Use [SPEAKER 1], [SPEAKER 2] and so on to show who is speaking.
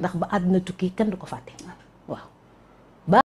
[SPEAKER 1] ndax ba àdduna tukki kenn du ko fàtte